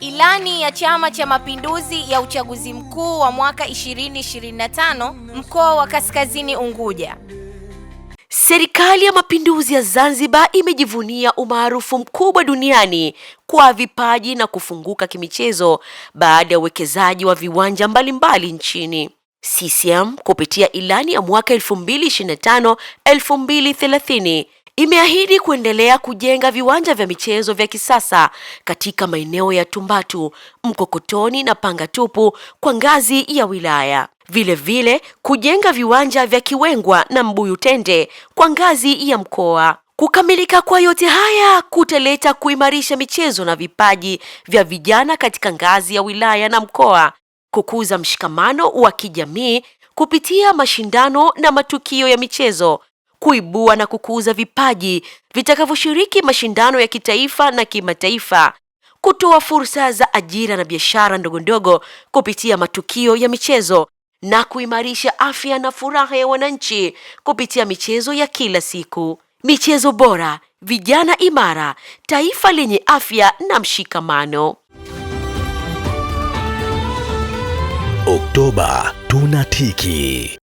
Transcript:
Ilani ya Chama cha Mapinduzi ya uchaguzi mkuu wa mwaka 2025 mkoa wa Kaskazini Unguja. Serikali ya Mapinduzi ya Zanzibar imejivunia umaarufu mkubwa duniani kwa vipaji na kufunguka kimichezo baada ya uwekezaji wa viwanja mbalimbali mbali nchini. CCM kupitia ilani ya mwaka 2025-2030 imeahidi kuendelea kujenga viwanja vya michezo vya kisasa katika maeneo ya Tumbatu, Mkokotoni na Panga Tupu kwa ngazi ya wilaya. Vilevile vile, kujenga viwanja vya Kiwengwa na Mbuyu Tende kwa ngazi ya mkoa. Kukamilika kwa yote haya kutaleta kuimarisha michezo na vipaji vya vijana katika ngazi ya wilaya na mkoa, kukuza mshikamano wa kijamii kupitia mashindano na matukio ya michezo kuibua na kukuza vipaji vitakavyoshiriki mashindano ya kitaifa na kimataifa, kutoa fursa za ajira na biashara ndogondogo kupitia matukio ya michezo na kuimarisha afya na furaha ya wananchi kupitia michezo ya kila siku. Michezo bora, vijana imara, taifa lenye afya na mshikamano. Oktoba tunatiki.